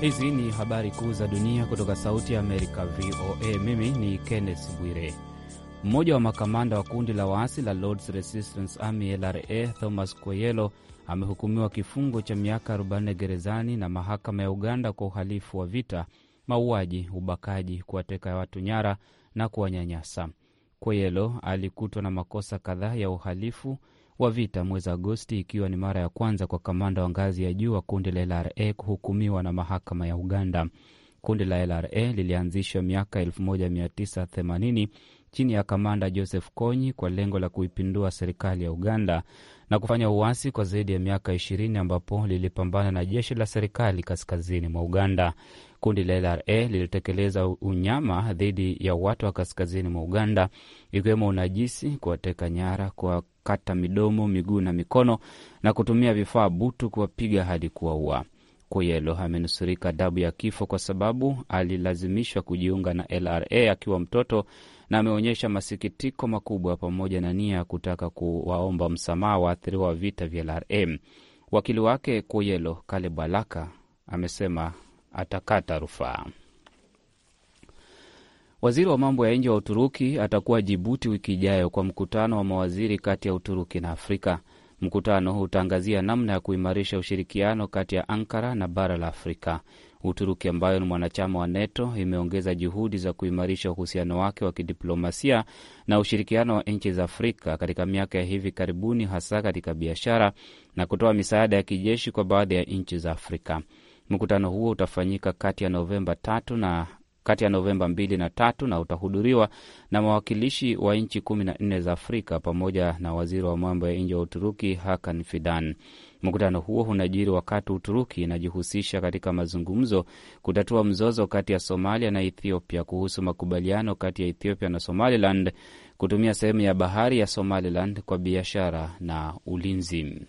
Hizi ni habari kuu za dunia kutoka Sauti ya Amerika, VOA. Mimi ni Kenneth Bwire. Mmoja wa makamanda wa kundi la waasi la Lords Resistance Army, LRA, Thomas Kweyelo amehukumiwa kifungo cha miaka 40 gerezani na mahakama ya Uganda kwa uhalifu wa vita, mauaji, ubakaji, kuwateka watu nyara na kuwanyanyasa. Kweyelo alikutwa na makosa kadhaa ya uhalifu wa vita mwezi Agosti, ikiwa ni mara ya kwanza kwa kamanda wa ngazi ya juu wa kundi la LRA kuhukumiwa na mahakama ya Uganda. Kundi la LRA lilianzishwa miaka 1980 chini ya kamanda Joseph Kony kwa lengo la kuipindua serikali ya Uganda na kufanya uasi kwa zaidi ya miaka 20 ambapo lilipambana na jeshi la serikali kaskazini mwa Uganda. Kundi la LRA lilitekeleza unyama dhidi ya watu wa kaskazini mwa Uganda, ikiwemo unajisi, kuwateka nyara, kwa kukata midomo, miguu na mikono na kutumia vifaa butu kuwapiga hadi kuwaua. Kuyelo amenusurika adhabu ya kifo kwa sababu alilazimishwa kujiunga na LRA akiwa mtoto na ameonyesha masikitiko makubwa pamoja na nia ya kutaka kuwaomba msamaha waathiriwa wa vita vya LRA. Wakili wake Kuyelo Kale Balaka amesema atakata rufaa. Waziri wa mambo ya nje wa Uturuki atakuwa Jibuti wiki ijayo kwa mkutano wa mawaziri kati ya Uturuki na Afrika. Mkutano hutaangazia namna ya kuimarisha ushirikiano kati ya Ankara na bara la Afrika. Uturuki ambayo ni mwanachama wa NATO imeongeza juhudi za kuimarisha uhusiano wake wa kidiplomasia na ushirikiano wa nchi za Afrika katika miaka ya hivi karibuni, hasa katika biashara na kutoa misaada ya kijeshi kwa baadhi ya nchi za Afrika. Mkutano huo utafanyika kati ya Novemba tatu na kati ya Novemba 2 na tatu na utahudhuriwa na mawakilishi wa nchi kumi na nne za Afrika pamoja na waziri wa mambo ya nje wa Uturuki Hakan Fidan. Mkutano huo unajiri wakati Uturuki inajihusisha katika mazungumzo kutatua mzozo kati ya Somalia na Ethiopia kuhusu makubaliano kati ya Ethiopia na Somaliland kutumia sehemu ya bahari ya Somaliland kwa biashara na ulinzi.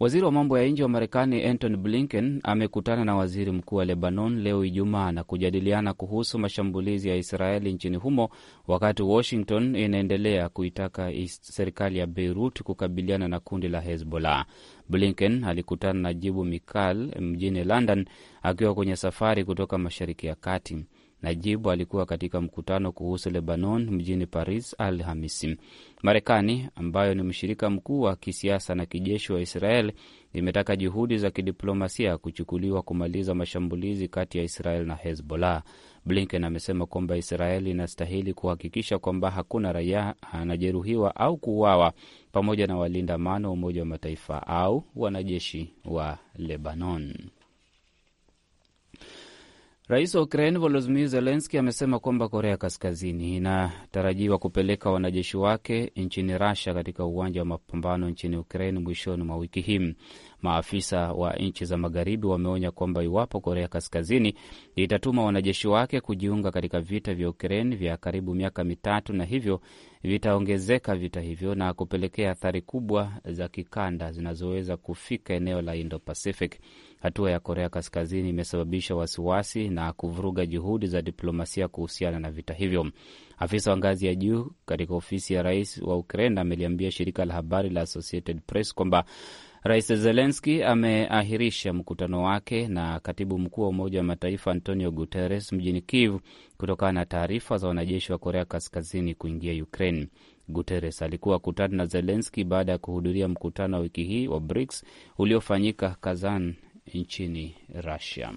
Waziri wa mambo ya nje wa Marekani Antony Blinken amekutana na waziri mkuu wa Lebanon leo Ijumaa na kujadiliana kuhusu mashambulizi ya Israeli nchini humo, wakati Washington inaendelea kuitaka serikali ya Beirut kukabiliana na kundi la Hezbollah. Blinken alikutana na Jibu Mikal mjini London akiwa kwenye safari kutoka Mashariki ya Kati najibu alikuwa katika mkutano kuhusu Lebanon mjini Paris Alhamisi. Marekani ambayo ni mshirika mkuu wa kisiasa na kijeshi wa Israel imetaka juhudi za kidiplomasia kuchukuliwa kumaliza mashambulizi kati ya Israel na Hezbollah. Blinken amesema kwamba Israel inastahili kuhakikisha kwamba hakuna raia anajeruhiwa au kuuawa, pamoja na walinda amani wa Umoja wa Mataifa au wanajeshi wa Lebanon. Rais wa Ukraini Volodimir Zelenski amesema kwamba Korea Kaskazini inatarajiwa kupeleka wanajeshi wake nchini Rasha katika uwanja wa mapambano nchini Ukraini mwishoni mwa wiki hii. Maafisa wa nchi za magharibi wameonya kwamba iwapo Korea Kaskazini itatuma wanajeshi wake kujiunga katika vita vya Ukraini vya karibu miaka mitatu, na hivyo vitaongezeka vita hivyo na kupelekea athari kubwa za kikanda zinazoweza kufika eneo la Indo Pacific. Hatua ya Korea Kaskazini imesababisha wasiwasi na kuvuruga juhudi za diplomasia kuhusiana na vita hivyo. Afisa wa ngazi ya juu katika ofisi ya rais wa Ukraine ameliambia shirika la habari la Associated Press kwamba Rais Zelenski ameahirisha mkutano wake na katibu mkuu wa Umoja wa Mataifa Antonio Guterres mjini Kiev kutokana na taarifa za wanajeshi wa Korea Kaskazini kuingia Ukraine. Guterres alikuwa kutana na Zelenski baada ya kuhudhuria mkutano wa wiki hii wa BRICS uliofanyika Kazan nchini Russia.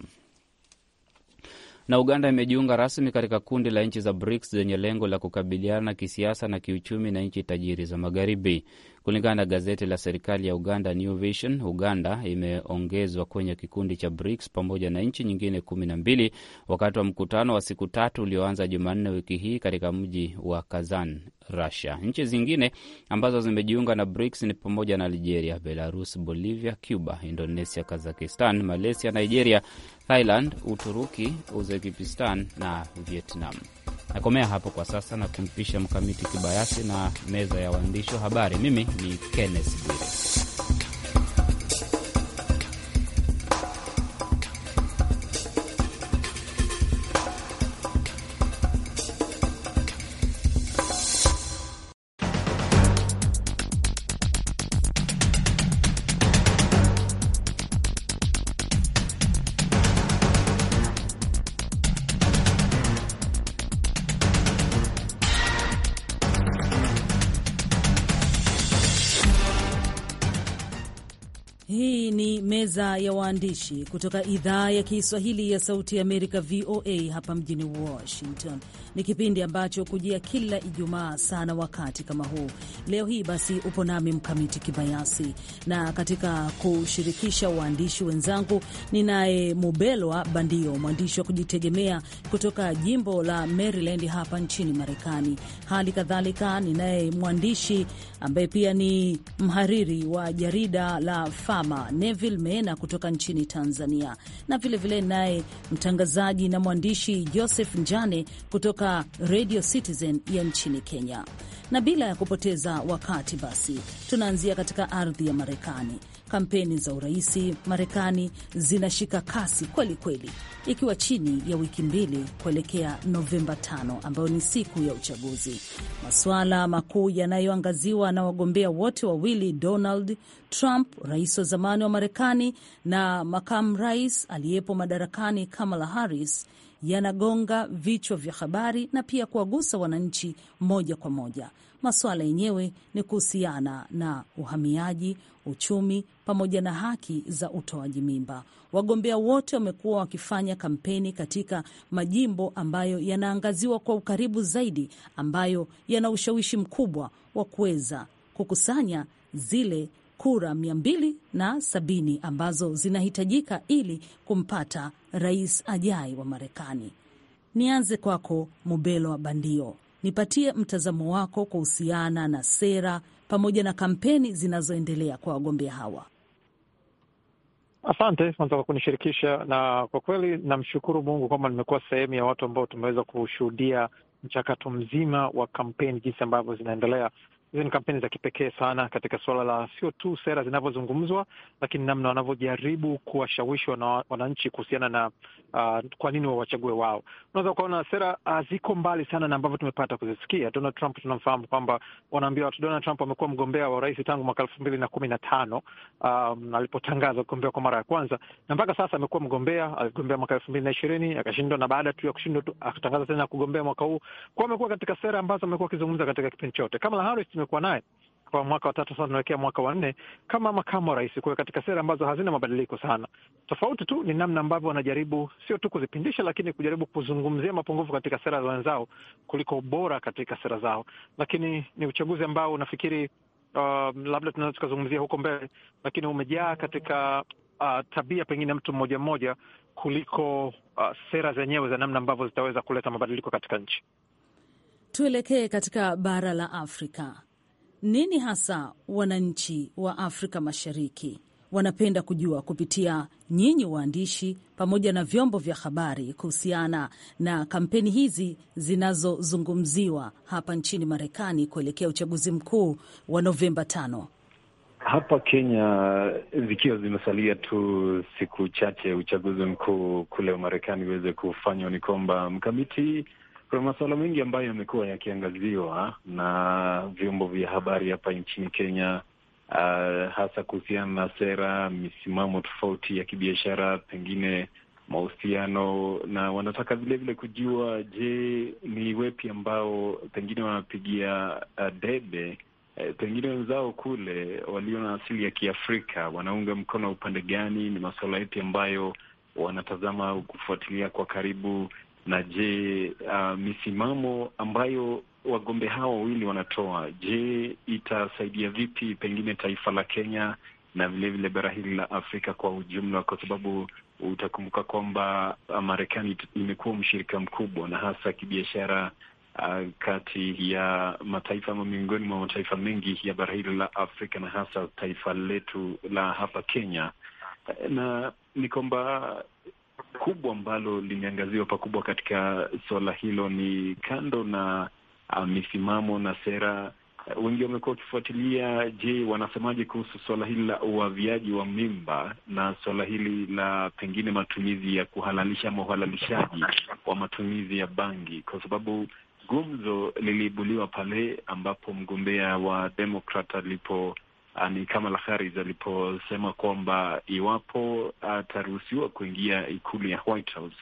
Na Uganda imejiunga rasmi katika kundi la nchi za BRICS zenye lengo la kukabiliana kisiasa na kiuchumi na nchi tajiri za Magharibi. Kulingana na gazeti la serikali ya Uganda New Vision, Uganda imeongezwa kwenye kikundi cha BRICS pamoja na nchi nyingine kumi na mbili wakati wa mkutano wa siku tatu ulioanza Jumanne wiki hii katika mji wa Kazan, Russia. Nchi zingine ambazo zimejiunga na BRICS ni pamoja na Algeria, Belarus, Bolivia, Cuba, Indonesia, Kazakistan, Malaysia, Nigeria, Thailand, Uturuki, Uzbekistan na Vietnam. Nakomea hapo kwa sasa na kumpisha Mkamiti Kibayasi na meza ya waandishi wa habari. Mimi ni Kenneth Bwire. waandishi kutoka idhaa ya Kiswahili ya Sauti ya Amerika, VOA hapa mjini Washington. Ni kipindi ambacho kujia kila Ijumaa sana wakati kama huu. Leo hii basi upo nami Mkamiti Kibayasi, na katika kushirikisha waandishi wenzangu ninaye Mubelwa Bandio, mwandishi wa kujitegemea kutoka jimbo la Maryland hapa nchini Marekani. Hali kadhalika ninaye mwandishi ambaye pia ni mhariri wa jarida la Fama, Neville Mena kutoka nchini Tanzania, na vilevile naye mtangazaji na mwandishi Joseph Njane kutoka kutoka Radio Citizen ya nchini Kenya. Na bila ya kupoteza wakati basi, tunaanzia katika ardhi ya Marekani. Kampeni za uraisi Marekani zinashika kasi kweli kweli, ikiwa chini ya wiki mbili kuelekea Novemba 5 ambayo ni siku ya uchaguzi. Masuala makuu yanayoangaziwa na wagombea wote wawili, Donald Trump, rais wa zamani wa Marekani, na makamu rais aliyepo madarakani Kamala Harris yanagonga vichwa vya habari na pia kuwagusa wananchi moja kwa moja. Masuala yenyewe ni kuhusiana na uhamiaji, uchumi pamoja na haki za utoaji mimba. Wagombea wote wamekuwa wakifanya kampeni katika majimbo ambayo yanaangaziwa kwa ukaribu zaidi, ambayo yana ushawishi mkubwa wa kuweza kukusanya zile kura 270 ambazo zinahitajika ili kumpata rais ajai wa Marekani. Nianze kwako Mubelo wa Bandio, nipatie mtazamo wako kuhusiana na sera pamoja na kampeni zinazoendelea kwa wagombea hawa. Asante kwanza kwa kunishirikisha, na kwa kweli namshukuru Mungu kwamba nimekuwa sehemu ya watu ambao tumeweza kushuhudia mchakato mzima wa kampeni jinsi ambavyo zinaendelea hizi ni kampeni za kipekee sana katika suala la sio tu sera zinavyozungumzwa, lakini namna wanavyojaribu kuwashawishi wananchi kuhusiana na uh, kwa nini wawachague wao. Unaweza ukaona sera uh, ziko mbali sana na ambavyo tumepata kuzisikia. Donald Trump tunamfahamu kwamba wanaambia watu Donald Trump amekuwa mgombea wa urais tangu mwaka elfu mbili na kumi na tano um, alipotangaza kugombea kwa mara ya kwanza, na mpaka sasa amekuwa mgombea. Aligombea mwaka elfu mbili na ishirini akashindwa, na baada tu ya kushindwa akatangaza tena kugombea mwaka huu. Kwa amekuwa katika sera ambazo amekuwa akizungumza katika kipindi chote. Kamala Harris tumekuwa naye kwa mwaka wa tatu sasa, tunawekea mwaka wa nne kama makamu wa rais kuwa katika sera ambazo hazina mabadiliko sana. Tofauti tu ni namna ambavyo wanajaribu sio tu kuzipindisha, lakini kujaribu kuzungumzia mapungufu katika sera za wenzao kuliko bora katika sera zao. Lakini ni uchaguzi ambao unafikiri, uh, labda tunaweza tukazungumzia huko mbele, lakini umejaa katika uh, tabia pengine mtu mmoja mmoja kuliko uh, sera zenyewe za namna ambavyo zitaweza kuleta mabadiliko katika nchi. Tuelekee katika bara la Afrika nini hasa wananchi wa Afrika Mashariki wanapenda kujua kupitia nyinyi waandishi pamoja na vyombo vya habari kuhusiana na kampeni hizi zinazozungumziwa hapa nchini Marekani kuelekea uchaguzi mkuu wa Novemba tano. Hapa Kenya zikiwa zimesalia tu siku chache uchaguzi mkuu kule Marekani uweze kufanywa, ni kwamba mkamiti kuna masuala mengi ambayo yamekuwa yakiangaziwa na vyombo vya habari hapa nchini Kenya, uh, hasa kuhusiana na sera, misimamo tofauti ya kibiashara, pengine mahusiano, na wanataka vilevile kujua, je, ni wepi ambao pengine wanapigia ah, debe eh, pengine wenzao kule walio na asili ya Kiafrika wanaunga mkono upande gani? Ni masuala yapi ambayo wanatazama kufuatilia kwa karibu? na je, uh, misimamo ambayo wagombea hao wawili wanatoa, je, itasaidia vipi pengine taifa la Kenya na vilevile bara hili la Afrika kwa ujumla, kwa sababu utakumbuka kwamba ah, Marekani imekuwa mshirika mkubwa na hasa kibiashara uh, kati ya mataifa ama miongoni mwa mataifa mengi ya bara hili la Afrika na hasa taifa letu la hapa Kenya, na ni kwamba kubwa ambalo limeangaziwa pakubwa katika suala hilo ni kando na uh, misimamo na sera uh, wengi wamekuwa wakifuatilia, je, wanasemaje kuhusu suala hili la uaviaji wa mimba na suala hili la pengine matumizi ya kuhalalisha ama uhalalishaji wa matumizi ya bangi, kwa sababu gumzo liliibuliwa pale ambapo mgombea wa Demokrat alipo Ah, ni la Harris aliposema kwamba iwapo ataruhusiwa kuingia ikulu ya White House,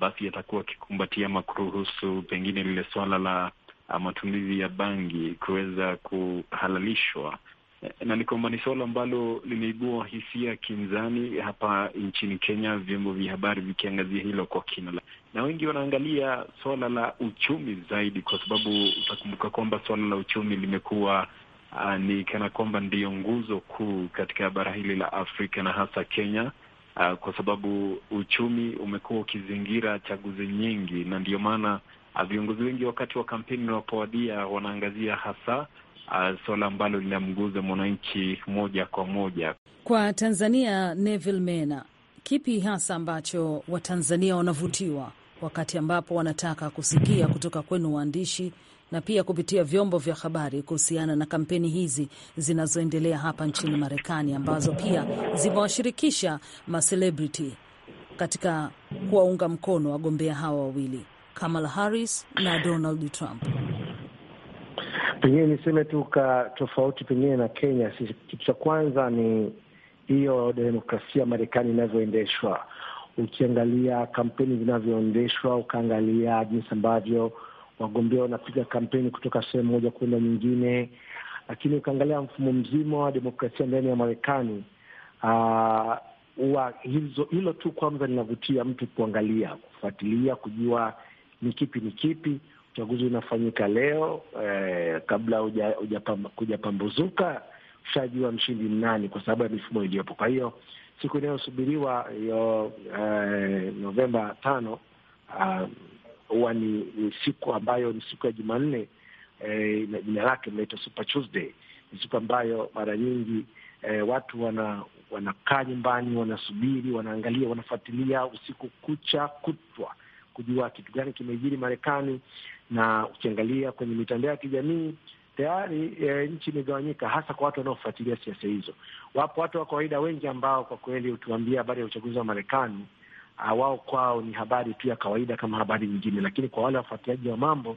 basi atakuwa akikumbatia ama kuruhusu pengine lile suala la ah, matumizi ya bangi kuweza kuhalalishwa na ni kwamba ni suala ambalo limeibua hisia kinzani hapa nchini Kenya, vyombo vya habari vikiangazia hilo kwa kina, na wengi wanaangalia suala la uchumi zaidi, kwa sababu utakumbuka kwamba suala la uchumi limekuwa uh, ni kana kwamba ndiyo nguzo kuu katika bara hili la Afrika na hasa Kenya, uh, kwa sababu uchumi umekuwa ukizingira chaguzi nyingi, na ndiyo maana uh, viongozi wengi wakati wa kampeni wanapowadia wanaangazia hasa Uh, suala ambalo linamguza mwananchi moja kwa moja. Kwa Tanzania, Neville Mena, kipi hasa ambacho Watanzania wanavutiwa wakati ambapo wanataka kusikia kutoka kwenu waandishi na pia kupitia vyombo vya habari kuhusiana na kampeni hizi zinazoendelea hapa nchini Marekani, ambazo pia zimewashirikisha macelebrity katika kuwaunga mkono wagombea hawa wawili, Kamala Harris na Donald Trump. Pengine niseme tu ka tofauti pengine na Kenya, kitu cha kwanza ni hiyo demokrasia Marekani inavyoendeshwa. Ukiangalia kampeni zinavyoendeshwa, ukaangalia jinsi ambavyo wagombea wanapiga kampeni kutoka sehemu moja kwenda nyingine, lakini ukiangalia mfumo mzima wa demokrasia ndani ya Marekani huwa uh, hilo tu kwanza linavutia mtu kuangalia, kufuatilia, kujua ni kipi ni kipi. Uchaguzi unafanyika leo eh, kabla kujapambuzuka ushajua mshindi nani, kwa sababu ya mifumo iliyopo. Kwa hiyo siku inayosubiriwa hiyo eh, Novemba tano, uh, huwa ni, ni siku ambayo ni siku ya Jumanne eh, na jina lake inaitwa Super Tuesday. Ni siku ambayo mara nyingi eh, watu wana wanakaa nyumbani, wanasubiri, wanaangalia, wanafuatilia usiku kucha kutwa kujua kitu gani kimejiri Marekani, na ukiangalia kwenye mitandao ya kijamii tayari e, nchi imegawanyika, hasa kwa watu wanaofuatilia siasa hizo. Wapo watu wa kawaida wengi ambao kwa kweli utuambia habari ya uchaguzi wa Marekani Ah, wao kwao ni habari tu ya kawaida kama habari nyingine, lakini kwa wale wafuatiliaji wa mambo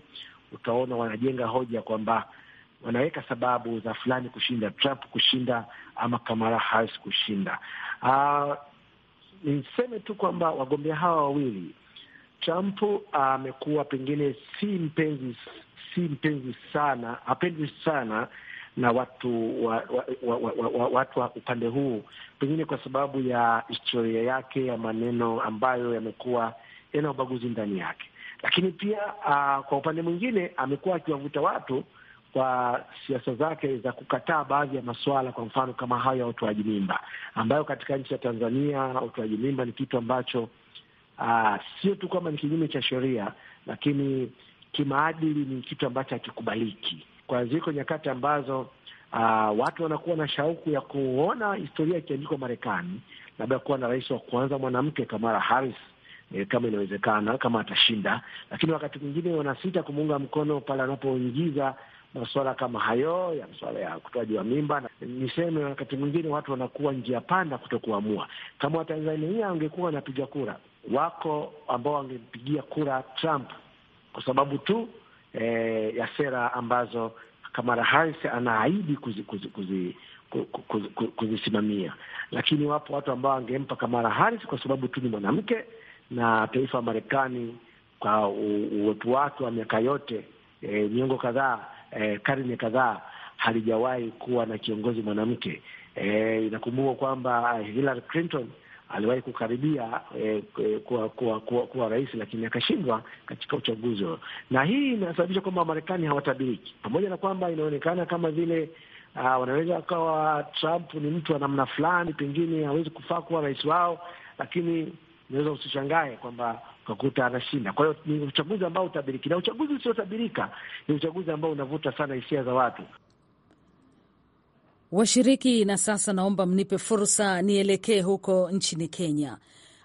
utaona wanajenga hoja kwamba wanaweka sababu za fulani kushinda, Trump kushinda ama Kamala Harris kushinda. Uh, niseme tu kwamba wagombea hawa wawili Trump ah, amekuwa uh, pengine si mpenzi si mpenzi sana hapendi sana na watu wa, wa, wa, wa, wa, wa, watu wa upande huu, pengine kwa sababu ya historia yake ya maneno ambayo yamekuwa yana ubaguzi ndani yake. Lakini pia uh, kwa upande mwingine amekuwa akiwavuta watu kwa siasa zake za kukataa baadhi ya masuala, kwa mfano kama hayo ya utoaji mimba, ambayo katika nchi ya Tanzania utoaji mimba ni kitu ambacho uh, sio tu kwamba ni kinyume cha sheria, lakini kimaadili ni kitu ambacho hakikubaliki kwa ziko nyakati ambazo uh, watu wanakuwa na shauku ya kuona historia ikiandikwa Marekani, labda kuwa na rais wa kwanza mwanamke Kamala Harris e, kama inawezekana, kama atashinda. Lakini wakati mwingine wanasita kumuunga mkono pale anapoingiza masuala kama hayo ya masuala ya kutoaji wa mimba. Niseme wakati mwingine watu wanakuwa njia panda kutokuamua. Kama Watanzania wangekuwa wanapiga kura, wako ambao wangempigia kura Trump kwa sababu tu eh, ya sera ambazo Kamala Harris anaahidi kuzisimamia kuzi, kuzi, kuzi, kuzi, lakini wapo watu ambao wangempa Kamala Harris kwa sababu tu ni mwanamke na taifa la Marekani kwa uwepo wake wa miaka yote e, miongo kadhaa e, karne kadhaa halijawahi kuwa na kiongozi mwanamke. E, inakumbuka kwamba Hillary Clinton aliwahi kukaribia eh, eh, kuwa, kuwa, kuwa, kuwa rais lakini akashindwa katika uchaguzi huo, na hii inasababisha kwamba Wamarekani hawatabiriki, pamoja na kwamba inaonekana kama vile uh, wanaweza wakawa Trump ni mtu wa namna fulani, pengine hawezi kufaa kuwa rais wao, lakini naweza usishangae kwamba ukakuta anashinda. Kwa hiyo ni uchaguzi ambao utabiriki, na uchaguzi usiotabirika ni uchaguzi ambao unavuta sana hisia za watu washiriki. Na sasa naomba mnipe fursa nielekee huko nchini Kenya,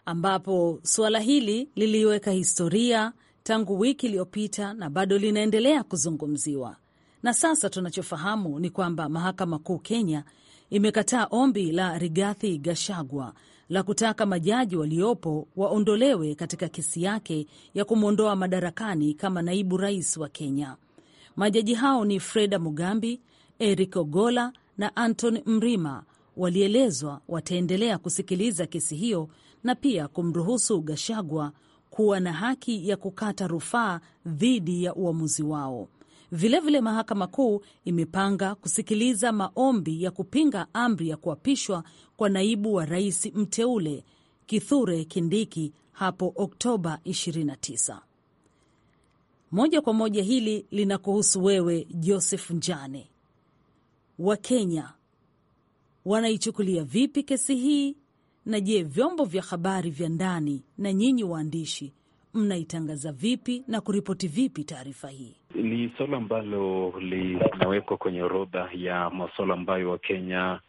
ambapo suala hili liliweka historia tangu wiki iliyopita na bado linaendelea kuzungumziwa. Na sasa tunachofahamu ni kwamba mahakama kuu Kenya imekataa ombi la Rigathi gashagwa la kutaka majaji waliopo waondolewe katika kesi yake ya kumwondoa madarakani kama naibu rais wa Kenya. Majaji hao ni Freda Mugambi, Eric Ogola na Anton Mrima walielezwa wataendelea kusikiliza kesi hiyo na pia kumruhusu Gashagwa kuwa na haki ya kukata rufaa dhidi ya uamuzi wao. Vilevile vile mahakama kuu imepanga kusikiliza maombi ya kupinga amri ya kuapishwa kwa naibu wa rais mteule Kithure Kindiki hapo Oktoba 29. Moja kwa moja hili linakuhusu wewe Joseph Njane wa Kenya wanaichukulia vipi kesi hii, na je, vyombo vya habari vya ndani na nyinyi waandishi mnaitangaza vipi na kuripoti vipi taarifa hii? Ni swala ambalo linawekwa kwenye orodha ya masuala ambayo Wakenya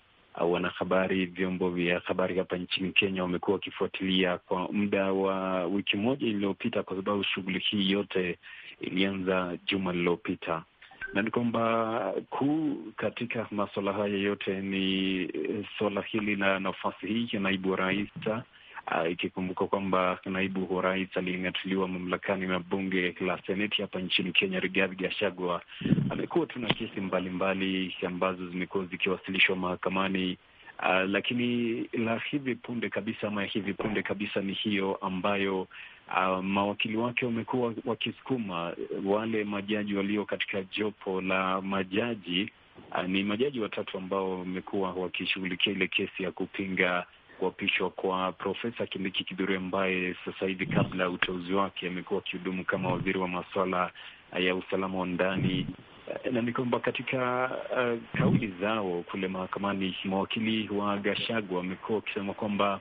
wanahabari, vyombo vya habari hapa nchini Kenya wamekuwa wakifuatilia kwa muda wa wiki moja iliyopita, kwa sababu shughuli hii yote ilianza juma lililopita na ni kwamba kuu katika masuala haya yote ni eh, suala hili na nafasi hii ya naibu wa rais, uh, ikikumbuka kwamba naibu wa rais aliyeng'atuliwa mamlakani na bunge la seneti hapa nchini Kenya, Rigathi Gachagua, amekuwa na kesi mbalimbali ambazo zimekuwa zikiwasilishwa mahakamani. Uh, lakini la hivi punde kabisa ama hivi punde kabisa ni hiyo ambayo uh, mawakili wake wamekuwa wakisukuma eh, wale majaji walio katika jopo la majaji uh, ni majaji watatu ambao wamekuwa wakishughulikia ile kesi ya kupinga kuapishwa kwa Profesa Kindiki Kithure ambaye sasa hivi kabla ya uteuzi wake amekuwa akihudumu kama waziri wa masuala eh, ya usalama wa ndani eh, na ni kwamba katika uh, kauli zao kule mahakamani mawakili wa gashagwa wamekuwa wakisema kwamba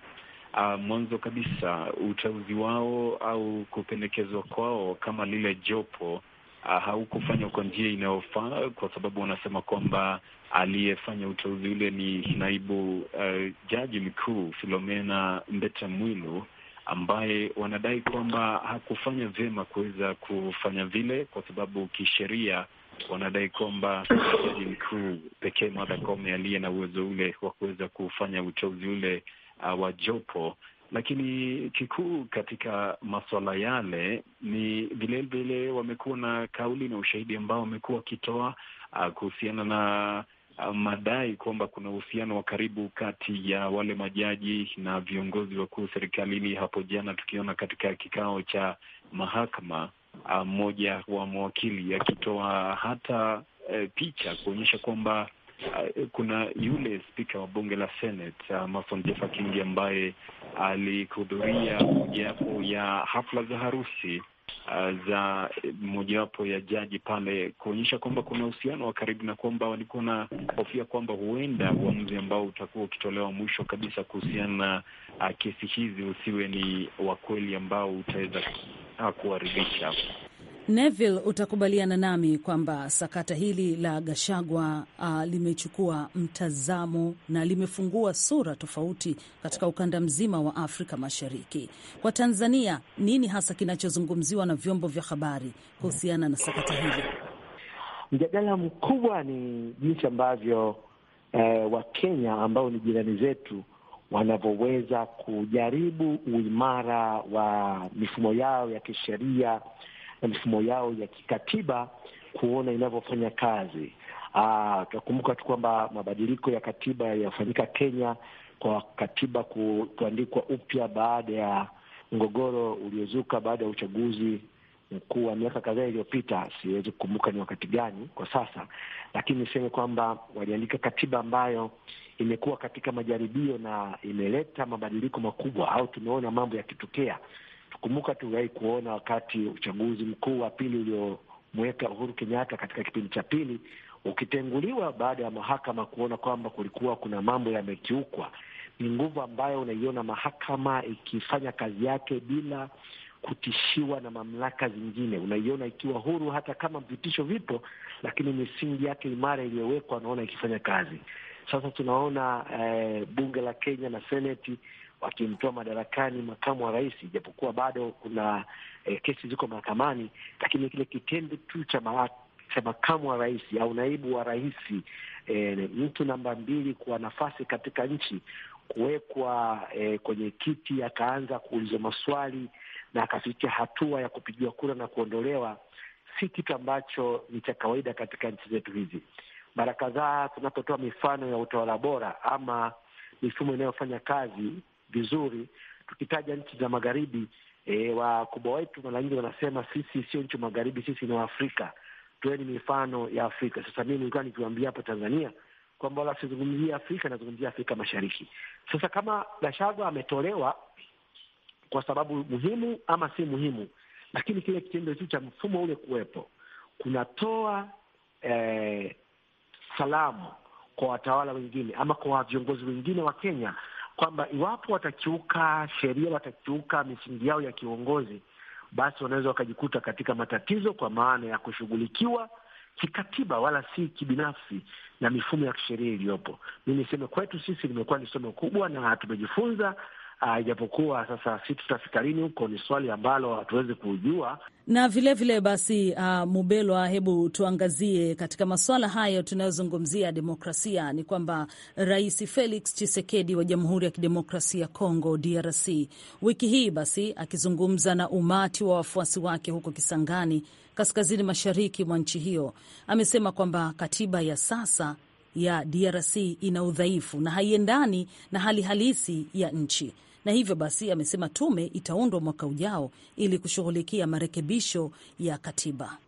uh, mwanzo kabisa uteuzi wao au kupendekezwa kwao kama lile jopo Uh, haukufanywa kwa njia inayofaa kwa sababu wanasema kwamba aliyefanya uteuzi ule ni naibu uh, jaji mkuu Filomena Mbete Mwilu ambaye wanadai kwamba hakufanya vyema kuweza kufanya vile, kwa sababu kisheria wanadai kwamba jaji mkuu pekee Martha Koome aliye na uwezo ule wa kuweza kufanya uteuzi ule uh, wa jopo lakini kikuu katika masuala yale ni vilevile, wamekuwa na kauli na ushahidi ambao wamekuwa wakitoa uh, kuhusiana na uh, madai kwamba kuna uhusiano wa karibu kati ya wale majaji na viongozi wakuu serikalini. Hapo jana tukiona katika kikao cha mahakama mmoja uh, wa mawakili akitoa hata uh, picha kuonyesha kwamba uh, kuna yule spika wa bunge la Senate uh, Mason Jeffer Kingi ambaye alihudhuria mojawapo ya hafla za harusi uh, za eh, mojawapo ya jaji pale, kuonyesha kwamba kuna uhusiano wa karibu na kwamba walikuwa na hofia kwamba huenda uamuzi ambao utakuwa ukitolewa mwisho kabisa kuhusiana na uh, kesi hizi usiwe ni wa kweli ambao utaweza kuwaridhisha. Neville, utakubaliana nami kwamba sakata hili la Gashagwa uh, ah, limechukua mtazamo na limefungua sura tofauti katika ukanda mzima wa Afrika Mashariki. Kwa Tanzania, nini hasa kinachozungumziwa na vyombo vya habari kuhusiana na sakata hili? Mjadala mkubwa ni jinsi ambavyo eh, Wakenya ambao ni jirani zetu wanavyoweza kujaribu uimara wa mifumo yao ya kisheria na mifumo yao ya kikatiba kuona inavyofanya kazi. Ah, Tunakumbuka tu kwamba mabadiliko ya katiba yafanyika Kenya kwa katiba kuandikwa upya baada ya mgogoro uliozuka baada ya uchaguzi mkuu wa miaka kadhaa iliyopita. Siwezi kukumbuka ni wakati gani kwa sasa, lakini niseme kwamba waliandika katiba ambayo imekuwa katika majaribio na imeleta mabadiliko makubwa, au tumeona mambo yakitokea Kumbuka tuliwahi kuona wakati uchaguzi mkuu wa pili uliomweka Uhuru Kenyatta katika kipindi cha pili ukitenguliwa baada ya mahakama kuona kwamba kulikuwa kuna mambo yamekiukwa. Ni nguvu ambayo unaiona mahakama ikifanya kazi yake bila kutishiwa na mamlaka zingine, unaiona ikiwa huru, hata kama vitisho vipo, lakini misingi yake imara iliyowekwa, anaona ikifanya kazi. Sasa tunaona eh, bunge la Kenya na seneti wakimtoa madarakani makamu wa rais, ijapokuwa bado kuna eh, kesi ziko mahakamani, lakini kile kitendo tu cha cha makamu wa rais au naibu wa rais eh, mtu namba mbili kwa nafasi katika nchi kuwekwa eh, kwenye kiti akaanza kuulizwa maswali na akafikia hatua ya kupigiwa kura na kuondolewa, si kitu ambacho ni cha kawaida katika nchi zetu hizi. Mara kadhaa tunapotoa mifano ya utawala bora ama mifumo inayofanya kazi vizuri, tukitaja nchi za magharibi e, wakubwa wetu mara nyingi wanasema sisi sio nchi magharibi, sisi ni Waafrika, tuweni mifano ya Afrika. Sasa mi nilikuwa nikiwaambia hapa Tanzania kwamba wala sizungumzia Afrika, nazungumzia Afrika Mashariki. Sasa kama Gachagua ametolewa kwa sababu muhimu ama si muhimu, lakini kile kitendo tu cha mfumo ule kuwepo kunatoa eh, salamu kwa watawala wengine ama kwa viongozi wengine wa Kenya kwamba iwapo watakiuka sheria, watakiuka misingi yao ya kiuongozi, basi wanaweza wakajikuta katika matatizo, kwa maana ya kushughulikiwa kikatiba wala si kibinafsi na mifumo ya kisheria iliyopo. Mi niseme kwetu sisi limekuwa ni somo kubwa, na tumejifunza Ah, ijapokuwa sasa si tutafikarini huko, ni swali ambalo hatuwezi kujua. Na vilevile vile basi, uh, Mubelwa, hebu tuangazie katika maswala hayo tunayozungumzia demokrasia, ni kwamba Rais Felix Tshisekedi wa Jamhuri ya Kidemokrasia ya Kongo DRC wiki hii basi akizungumza na umati wa wafuasi wake huko Kisangani, kaskazini mashariki mwa nchi hiyo, amesema kwamba katiba ya sasa ya DRC ina udhaifu na haiendani na hali halisi ya nchi na hivyo basi amesema tume itaundwa mwaka ujao ili kushughulikia marekebisho ya katiba.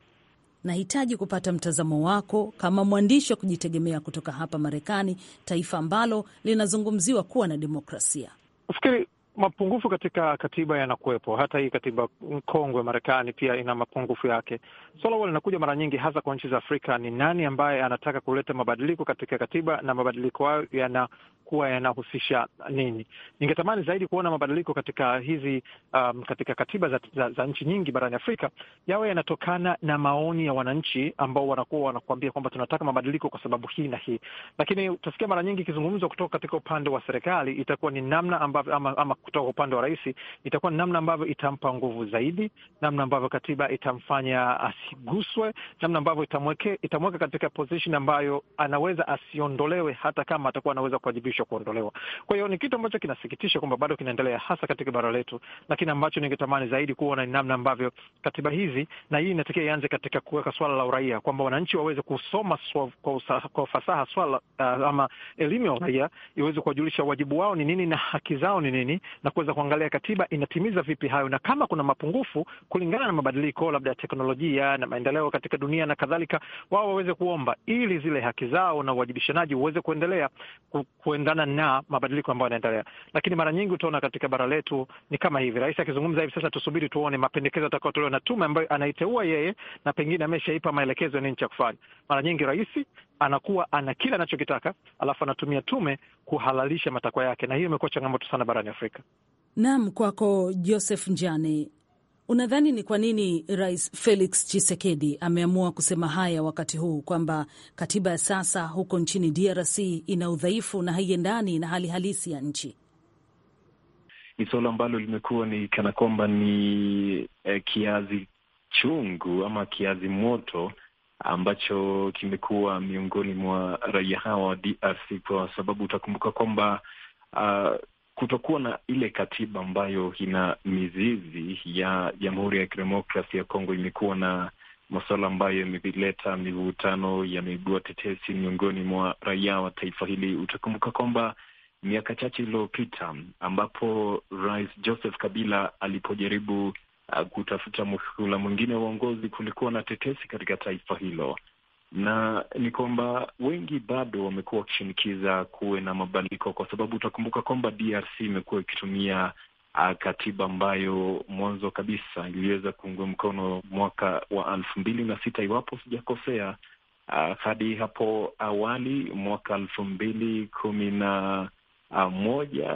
Nahitaji kupata mtazamo wako kama mwandishi wa kujitegemea kutoka hapa Marekani, taifa ambalo linazungumziwa kuwa na demokrasia. Nafikiri mapungufu katika katiba yanakuwepo. Hata hii katiba kongwe Marekani pia ina mapungufu yake. Swala huwa linakuja mara nyingi, hasa kwa nchi za Afrika, ni nani ambaye anataka kuleta mabadiliko katika katiba na mabadiliko hayo yana yatakuwa yanahusisha nini. Ningetamani zaidi kuona mabadiliko katika hizi um, katika katiba za, za, za nchi nyingi barani Afrika yawe yanatokana na maoni ya wananchi ambao wanakuwa wanakuambia kwamba tunataka mabadiliko kwa sababu hii na hii, lakini utasikia mara nyingi ikizungumzwa kutoka katika upande wa serikali itakuwa ni namna ambavyo ama, ama kutoka upande wa rais itakuwa ni namna ambavyo itampa nguvu zaidi, namna ambavyo katiba itamfanya asiguswe, namna ambavyo itamweke itamweka katika position ambayo anaweza asiondolewe hata kama atakuwa anaweza kuwajibishwa kuharakishwa kuondolewa. Kwa hiyo ni kitu ambacho kinasikitisha kwamba bado kinaendelea hasa katika bara letu, lakini ambacho ningetamani zaidi kuona ni namna ambavyo katiba hizi na hii inatakiwa ianze katika kuweka swala la uraia, kwamba wananchi waweze kusoma kwa, kwa ufasaha swala uh, ama elimu ya uraia iweze kuwajulisha wajibu wao ni nini na haki zao ni nini, na kuweza kuangalia katiba inatimiza vipi hayo, na kama kuna mapungufu kulingana na mabadiliko labda ya teknolojia na maendeleo katika dunia na kadhalika, wao waweze kuomba ili zile haki zao na uwajibishanaji uweze kuendelea ku, kuendana na mabadiliko ambayo yanaendelea. Lakini mara nyingi utaona katika bara letu ni kama hivi, rais akizungumza hivi sasa, tusubiri tuone mapendekezo atakayotolewa na tume ambayo anaiteua yeye, na pengine ameshaipa maelekezo ya nini cha kufanya. Mara nyingi rais anakuwa ana kile anachokitaka, alafu anatumia tume kuhalalisha matakwa yake, na hiyo imekuwa changamoto sana barani Afrika. Naam, kwako Joseph Njane. Unadhani ni kwa nini Rais Felix Tshisekedi ameamua kusema haya wakati huu kwamba katiba ya sasa huko nchini DRC ina udhaifu na haiendani na hali halisi ya nchi? Ni suala ambalo limekuwa ni kana kwamba ni eh, kiazi chungu ama kiazi moto ambacho kimekuwa miongoni mwa raia hawa wa DRC kwa sababu utakumbuka kwamba uh, kutokuwa na ile katiba ambayo ina mizizi ya Jamhuri ya Kidemokrasi ya Kongo imekuwa na masuala ambayo yamevileta mivutano, yameibua tetesi miongoni mwa raia wa taifa hili. Utakumbuka kwamba miaka chache iliyopita ambapo Rais Joseph Kabila alipojaribu uh, kutafuta muhula mwingine wa uongozi, kulikuwa na tetesi katika taifa hilo na ni kwamba wengi bado wamekuwa wakishinikiza kuwe na mabadiliko, kwa sababu utakumbuka kwamba DRC imekuwa ikitumia ah, katiba ambayo mwanzo kabisa iliweza kuungwa mkono mwaka wa elfu mbili na sita iwapo sijakosea, ah, hadi hapo awali mwaka elfu mbili kumi na ah, moja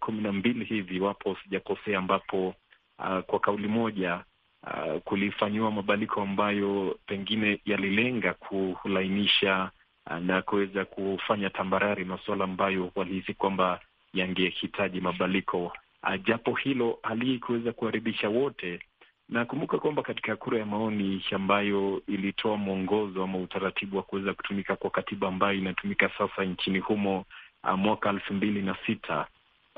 kumi na mbili hivi iwapo sijakosea, ambapo uh, kwa kauli moja uh, kulifanyiwa mabadiliko ambayo pengine yalilenga kulainisha uh, na kuweza kufanya tambarari masuala ambayo walihisi kwamba yangehitaji mabadiliko uh, japo hilo halii kuweza kuharibisha wote. Nakumbuka kwamba katika kura ya maoni ambayo ilitoa mwongozo ama utaratibu wa kuweza kutumika kwa katiba ambayo inatumika sasa nchini humo uh, mwaka elfu mbili na sita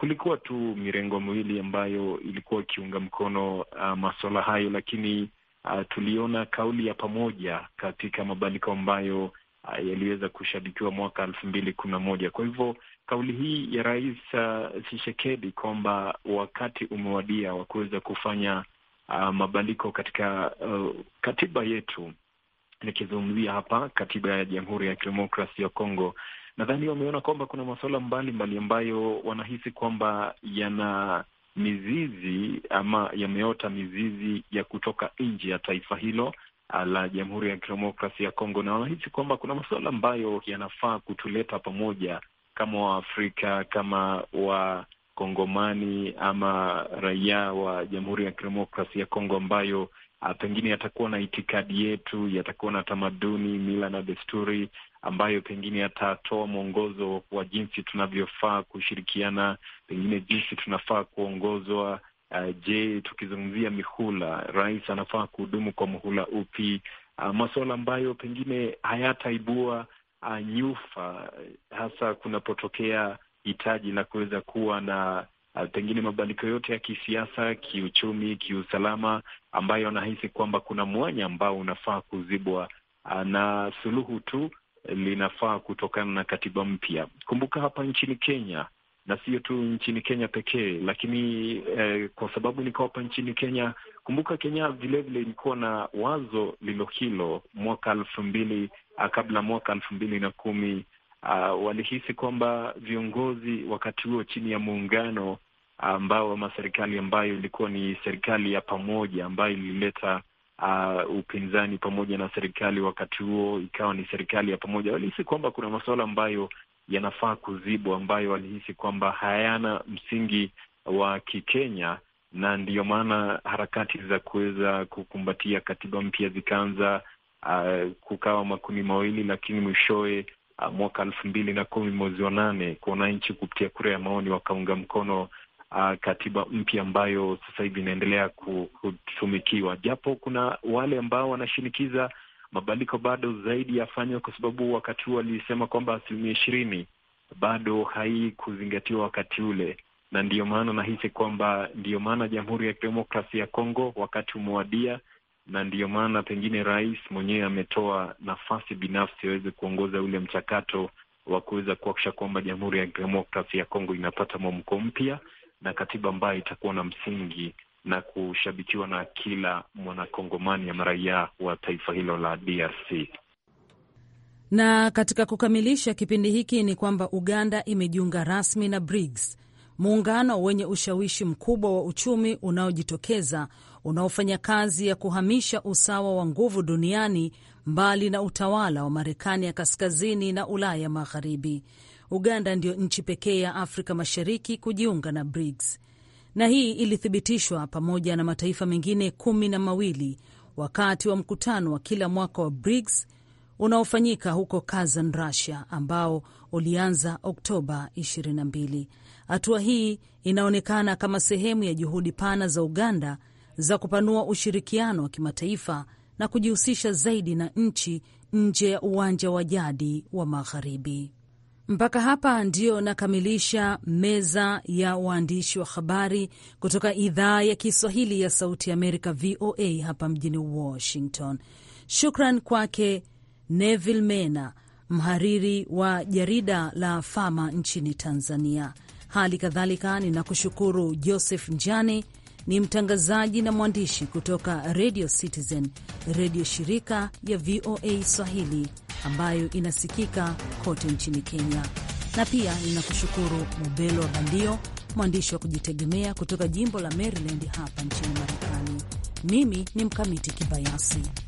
kulikuwa tu mirengo miwili ambayo ilikuwa ikiunga mkono uh, masuala hayo, lakini uh, tuliona kauli ya pamoja katika mabadiliko ambayo uh, yaliweza kushabikiwa mwaka elfu mbili kumi na moja. Kwa hivyo kauli hii ya Rais uh, Tshisekedi uh, kwamba wakati umewadia wa kuweza kufanya uh, mabadiliko katika uh, katiba yetu, nikizungumzia hapa katiba ya Jamhuri ya Kidemokrasi ya Kongo nadhani wameona kwamba kuna masuala mbalimbali ambayo wanahisi kwamba yana mizizi ama yameota mizizi ya kutoka nje ya taifa hilo la Jamhuri ya kidemokrasi ya Kongo, na wanahisi kwamba kuna masuala ambayo yanafaa kutuleta pamoja kama Waafrika, kama Wakongomani ama raia wa Jamhuri ya kidemokrasi ya Kongo ambayo pengine yatakuwa na itikadi yetu, yatakuwa na tamaduni, mila na desturi ambayo pengine yatatoa mwongozo wa jinsi tunavyofaa kushirikiana, pengine jinsi tunafaa kuongozwa. Uh, je, tukizungumzia mihula, rais anafaa kuhudumu kwa muhula upi? Uh, masuala ambayo pengine hayataibua uh, nyufa, uh, hasa kunapotokea hitaji la kuweza kuwa na uh, pengine mabadiliko yote ya kisiasa, kiuchumi, kiusalama, ambayo anahisi kwamba kuna mwanya ambao unafaa kuzibwa uh, na suluhu tu linafaa kutokana na katiba mpya. Kumbuka hapa nchini Kenya na sio tu nchini Kenya pekee, lakini eh, kwa sababu niko hapa nchini Kenya, kumbuka Kenya vilevile ilikuwa na wazo lilo hilo mwaka elfu mbili ah, kabla mwaka elfu mbili na kumi uh, walihisi kwamba viongozi wakati huo chini ya muungano ah, ambao ama serikali ambayo ilikuwa ni serikali ya pamoja ambayo ilileta uh, upinzani pamoja na serikali, wakati huo ikawa ni serikali ya pamoja. Walihisi kwamba kuna masuala ambayo yanafaa kuzibwa, ambayo walihisi kwamba hayana msingi wa Kikenya, na ndiyo maana harakati za kuweza kukumbatia katiba mpya zikaanza. Uh, kukawa makundi mawili, lakini mwishowe uh, mwaka elfu mbili na kumi mwezi wa nane kwa wananchi kupitia kura ya maoni wakaunga mkono uh, katiba mpya ambayo sasa hivi inaendelea kutumikiwa, japo kuna wale ambao wanashinikiza mabadiliko bado zaidi yafanywe, kwa sababu wakati huo walisema kwamba asilimia ishirini bado haikuzingatiwa wakati ule, na ndiyo maana nahisi kwamba ndiyo maana Jamhuri ya Kidemokrasia ya Kongo wakati umewadia, na ndiyo maana pengine rais mwenyewe ametoa nafasi binafsi aweze kuongoza ule mchakato wa kuweza kuakisha kwamba Jamhuri ya Kidemokrasia ya Kongo inapata mwamko mpya na katiba ambayo itakuwa na msingi na kushabikiwa na kila mwanakongomani ama raia wa taifa hilo la DRC. Na katika kukamilisha kipindi hiki ni kwamba Uganda imejiunga rasmi na BRICS, muungano wenye ushawishi mkubwa wa uchumi unaojitokeza unaofanya kazi ya kuhamisha usawa wa nguvu duniani mbali na utawala wa Marekani ya kaskazini na Ulaya magharibi. Uganda ndio nchi pekee ya Afrika Mashariki kujiunga na BRICS, na hii ilithibitishwa pamoja na mataifa mengine kumi na mawili wakati wa mkutano wa kila mwaka wa BRICS unaofanyika huko Kazan, Russia, ambao ulianza Oktoba 22. Hatua hii inaonekana kama sehemu ya juhudi pana za Uganda za kupanua ushirikiano wa kimataifa na kujihusisha zaidi na nchi nje ya uwanja wa jadi wa Magharibi. Mpaka hapa ndio nakamilisha meza ya waandishi wa habari kutoka idhaa ya Kiswahili ya Sauti Amerika, VOA, hapa mjini Washington. Shukran kwake Neville Mena, mhariri wa jarida la Fama nchini Tanzania. Hali kadhalika ninakushukuru Joseph Njane ni mtangazaji na mwandishi kutoka Radio Citizen, redio shirika ya VOA Swahili ambayo inasikika kote nchini Kenya. Na pia ninakushukuru Mubelo wa Bandio, mwandishi wa kujitegemea kutoka jimbo la Maryland hapa nchini Marekani. Mimi ni Mkamiti Kibayasi.